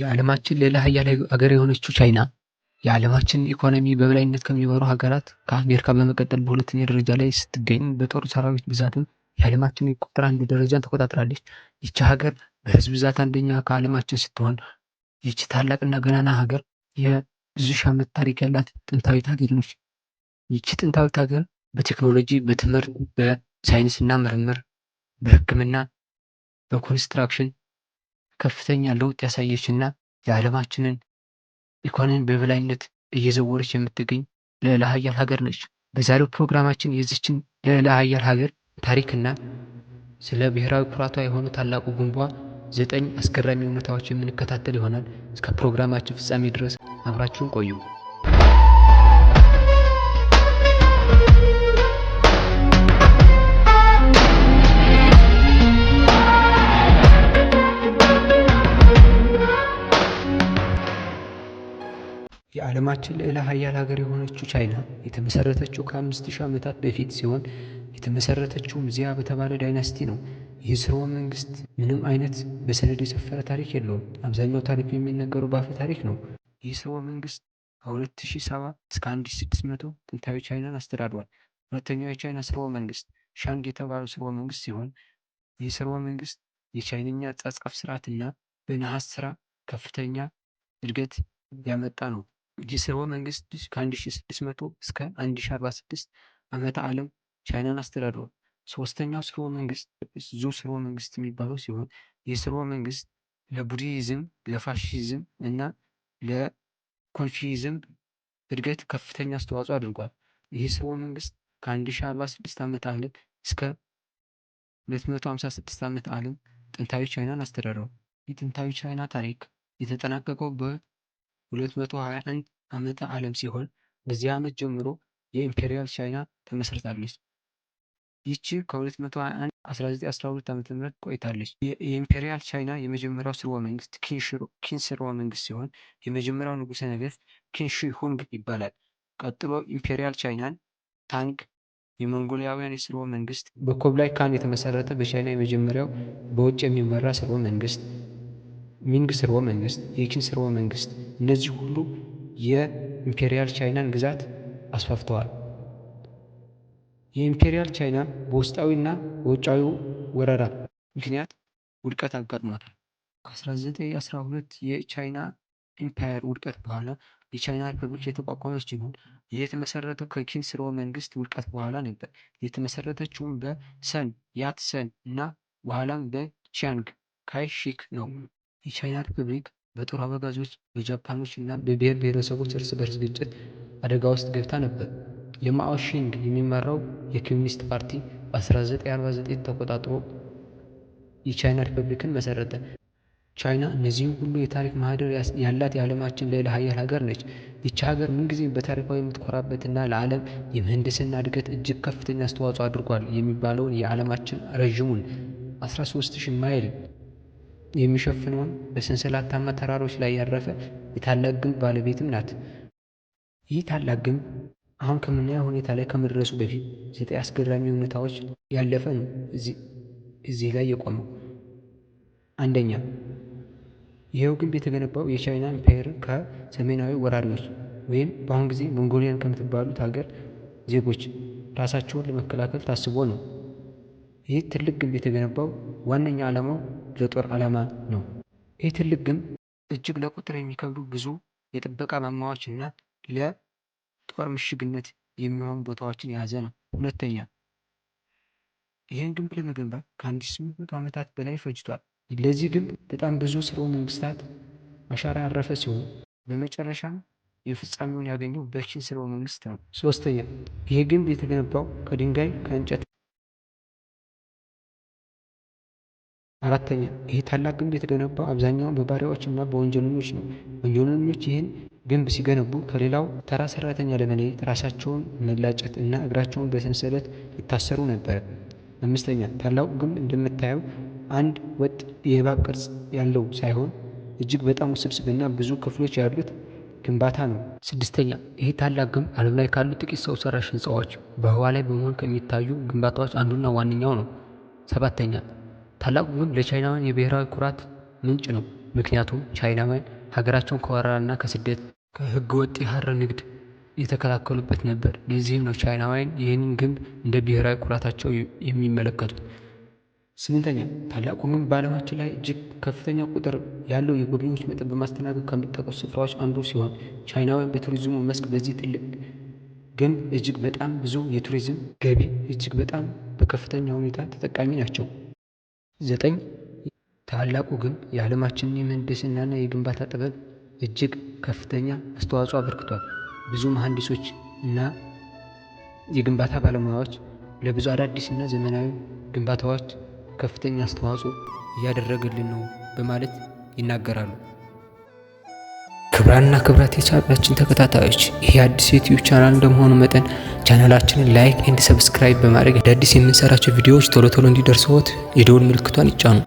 የዓለማችን ሌላ ሀያል ሀገር የሆነችው ቻይና የዓለማችን ኢኮኖሚ በበላይነት ከሚመሩ ሀገራት ከአሜሪካ በመቀጠል በሁለተኛ ደረጃ ላይ ስትገኝ በጦር ሰራዊት ብዛትም የዓለማችን ቁጥር አንድ ደረጃን ተቆጣጥራለች። ይቺ ሀገር በህዝብ ብዛት አንደኛ ከዓለማችን ስትሆን ይቺ ታላቅና ገናና ሀገር የብዙ ሺህ ዓመት ታሪክ ያላት ጥንታዊት ሀገር ነች። ይቺ ጥንታዊት ሀገር በቴክኖሎጂ፣ በትምህርት፣ በሳይንስና ምርምር፣ በሕክምና፣ በኮንስትራክሽን ከፍተኛ ለውጥ ያሳየችና የዓለማችንን ኢኮኖሚ በበላይነት እየዘወረች የምትገኝ ልዕለ ኃያል ሀገር ነች። በዛሬው ፕሮግራማችን የዚችን ልዕለ ኃያል ሀገር ታሪክና ስለ ብሔራዊ ኩራቷ የሆኑ ታላቁ ጉንቧ ዘጠኝ አስገራሚ እውነታዎች የምንከታተል ይሆናል። እስከ ፕሮግራማችን ፍጻሜ ድረስ አብራችሁን ቆዩ። ዓለማችን ልዕለ ሀያል ሀገር የሆነችው ቻይና የተመሰረተችው ከአምስት ሺህ ዓመታት በፊት ሲሆን የተመሰረተችውም ዚያ በተባለ ዳይናስቲ ነው። ይህ ስርወ መንግስት ምንም አይነት በሰነድ የሰፈረ ታሪክ የለውም። አብዛኛው ታሪክ የሚነገረው በአፈ ታሪክ ነው። ይህ ስርወ መንግስት ከሁለት ሺህ ሰባ እስከ አንድ ሺህ ስድስት መቶ ጥንታዊ ቻይናን አስተዳድሯል። ሁለተኛው የቻይና ስርወ መንግስት ሻንግ የተባለው ስርወ መንግስት ሲሆን ይህ ስርወ መንግስት የቻይንኛ አጻጻፍ ስርዓትና በነሐስ ስራ ከፍተኛ እድገት ያመጣ ነው። የሥርወ መንግስት ከ1600 እስከ 1046 ዓመተ ዓለም ቻይናን አስተዳድሯል። ሶስተኛው ስርወ መንግስት ዙ ስርወ መንግስት የሚባለው ሲሆን ይህ ስርወ መንግስት ለቡዲዝም፣ ለፋሽዝም እና ለኮንፊዝም እድገት ከፍተኛ አስተዋጽኦ አድርጓል። ይህ ስርወ መንግስት ከ1046 ዓመተ ዓለም እስከ 256 ዓመተ ዓለም ጥንታዊ ቻይናን አስተዳድሯል። የጥንታዊ ቻይና ታሪክ የተጠናቀቀው በ 221 ዓመተ ዓለም ሲሆን በዚህ ዓመት ጀምሮ የኢምፔሪያል ቻይና ተመስርታለች። ይቺ ከ221 1912 ዓ ም ቆይታለች። የኢምፔሪያል ቻይና የመጀመሪያው ስርወ መንግስት ኪን ስርወ መንግስት ሲሆን የመጀመሪያው ንጉሠ ነገሥት ኪን ሺ ሁንግ ይባላል። ቀጥሎ ኢምፔሪያል ቻይናን ታንግ የመንጎሊያውያን የስርወ መንግስት በኮብላይ ካን የተመሰረተ በቻይና የመጀመሪያው በውጭ የሚመራ ስርወ መንግስት ሚንግ ስርወ መንግስት፣ የኪን ስርወ መንግስት እነዚህ ሁሉ የኢምፔሪያል ቻይናን ግዛት አስፋፍተዋል። የኢምፔሪያል ቻይና በውስጣዊና በውጫዊ ወረራ ምክንያት ውድቀት አጋጥሟታል። ከ1912 የቻይና ኢምፓየር ውድቀት በኋላ የቻይና ሪፐብሊክ የተቋቋመች ሲሆን የተመሰረተ የተመሰረተው ከኪን ስርወ መንግስት ውድቀት በኋላ ነበር። የተመሰረተችውም በሰን ያትሰን እና በኋላም በቺያንግ ካይሺክ ነው። የቻይና ሪፐብሊክ በጦር አበጋዞች በጃፓኖች እና በብሔር ብሔረሰቦች እርስ በርስ ግጭት አደጋ ውስጥ ገብታ ነበር። የማኦ ሺንግ የሚመራው የኮሚኒስት ፓርቲ በ1949 ተቆጣጥሮ የቻይና ሪፐብሊክን መሰረተ። ቻይና እነዚህም ሁሉ የታሪክ ማህደር ያላት የዓለማችን ልዕለ ሀያል ሀገር ነች። ይቺ ሀገር ምንጊዜም በታሪኳ የምትኮራበትና ለዓለም የምህንድስና እድገት እጅግ ከፍተኛ አስተዋጽኦ አድርጓል የሚባለውን የዓለማችን ረዥሙን 13,000 ማይል የሚሸፍነውን በሰንሰላታማ ተራሮች ላይ ያረፈ የታላቅ ግንብ ባለቤትም ናት። ይህ ታላቅ ግንብ አሁን ከምናየው ሁኔታ ላይ ከመድረሱ በፊት ዘጠኝ አስገራሚ እውነታዎች ያለፈ ነው እዚህ ላይ የቆመው። አንደኛ፣ ይኸው ግንብ የተገነባው የቻይና ኢምፓየርን ከሰሜናዊ ወራሪዎች ወይም በአሁን ጊዜ ሞንጎሊያን ከምትባሉት ሀገር ዜጎች ራሳቸውን ለመከላከል ታስቦ ነው። ይህ ትልቅ ግንብ የተገነባው ዋነኛ ዓላማው ለጦር ዓላማ ነው። ይህ ትልቅ ግንብ እጅግ ለቁጥር የሚከብዱ ብዙ የጥበቃ ማማዎች እና ለጦር ምሽግነት የሚሆኑ ቦታዎችን የያዘ ነው። ሁለተኛ ይህን ግንብ ለመገንባት ከአንድ ስምንት መቶ ዓመታት በላይ ፈጅቷል። ለዚህ ግንብ በጣም ብዙ ስርወ መንግስታት አሻራ ያረፈ ሲሆን በመጨረሻ የፍጻሜውን ያገኘው በኪን ስርወ መንግስት ነው። ሶስተኛ ይህ ግንብ የተገነባው ከድንጋይ ከእንጨት አራተኛ ይህ ታላቅ ግንብ የተገነባው አብዛኛውን በባሪያዎችና በወንጀለኞች ነው። ወንጀለኞች ይህን ግንብ ሲገነቡ ከሌላው ተራ ሰራተኛ ለመለየት ራሳቸውን መላጨት እና እግራቸውን በሰንሰለት ይታሰሩ ነበር። አምስተኛ ታላቁ ግንብ እንደምታየው አንድ ወጥ የእባብ ቅርጽ ያለው ሳይሆን እጅግ በጣም ውስብስብና ብዙ ክፍሎች ያሉት ግንባታ ነው። ስድስተኛ ይህ ታላቅ ግንብ ዓለም ላይ ካሉ ጥቂት ሰው ሰራሽ ህንፃዎች በህዋ ላይ በመሆን ከሚታዩ ግንባታዎች አንዱና ዋነኛው ነው። ሰባተኛ ታላቁ ግንብ ለቻይናውያን የብሔራዊ ኩራት ምንጭ ነው። ምክንያቱም ቻይናውያን ሀገራቸውን ከወረራና ከስደት ከህገወጥ የሐር ንግድ የተከላከሉበት ነበር። ለዚህም ነው ቻይናውያን ይህንን ግንብ እንደ ብሔራዊ ኩራታቸው የሚመለከቱት። ስምንተኛ ታላቁ ግንብ በዓለማችን ላይ እጅግ ከፍተኛ ቁጥር ያለው የጎብኚዎች መጠን በማስተናገድ ከሚጠቀሱ ስፍራዎች አንዱ ሲሆን ቻይናውያን በቱሪዝሙ መስክ በዚህ ትልቅ ግንብ እጅግ በጣም ብዙ የቱሪዝም ገቢ እጅግ በጣም በከፍተኛ ሁኔታ ተጠቃሚ ናቸው። ዘጠኝ ታላቁ ግንብ የዓለማችን የምህንድስናና የግንባታ ጥበብ እጅግ ከፍተኛ አስተዋጽኦ አበርክቷል። ብዙ መሐንዲሶች እና የግንባታ ባለሙያዎች ለብዙ አዳዲስና ዘመናዊ ግንባታዎች ከፍተኛ አስተዋጽኦ እያደረገልን ነው በማለት ይናገራሉ። ክብራና ክብራት የቻቢያችን ተከታታዮች ይህ አዲስ ዩቲዩብ ቻናል እንደመሆኑ መጠን ቻናላችንን ላይክ ኤንድ ሰብስክራይብ በማድረግ አዳዲስ የምንሰራቸው ቪዲዮዎች ቶሎ ቶሎ እንዲደርስዎት የደውል ምልክቷን ይጫኑ።